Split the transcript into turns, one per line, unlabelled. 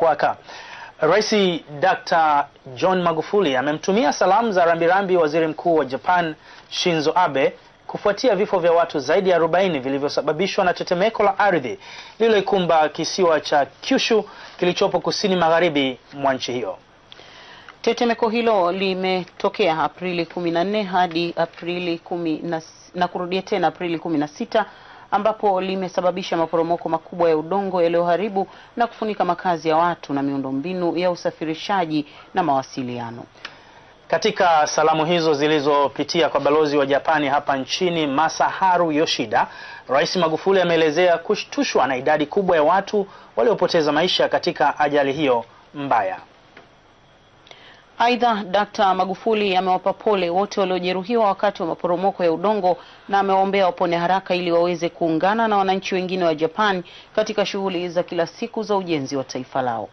kwaka. Rais Dr. John Magufuli amemtumia salamu za rambirambi Waziri Mkuu wa Japan Shinzo Abe kufuatia vifo vya watu zaidi ya 40 vilivyosababishwa na tetemeko la ardhi lililoikumba kisiwa cha Kyushu kilichopo kusini magharibi mwa nchi hiyo.
Tetemeko hilo limetokea Aprili 14 hadi Aprili 10 na kurudia tena Aprili 16 ambapo limesababisha maporomoko makubwa ya udongo yaliyoharibu na kufunika makazi ya watu na miundombinu ya usafirishaji na mawasiliano.
Katika salamu hizo zilizopitia kwa balozi wa Japani hapa nchini Masaharu Yoshida, Rais Magufuli ameelezea kushtushwa na idadi kubwa ya watu waliopoteza maisha katika ajali hiyo mbaya.
Aidha, Dkt. Magufuli amewapa pole wote waliojeruhiwa wakati wa maporomoko ya udongo na amewaombea wapone haraka ili waweze kuungana na wananchi wengine wa Japan katika shughuli za kila siku za ujenzi wa taifa lao.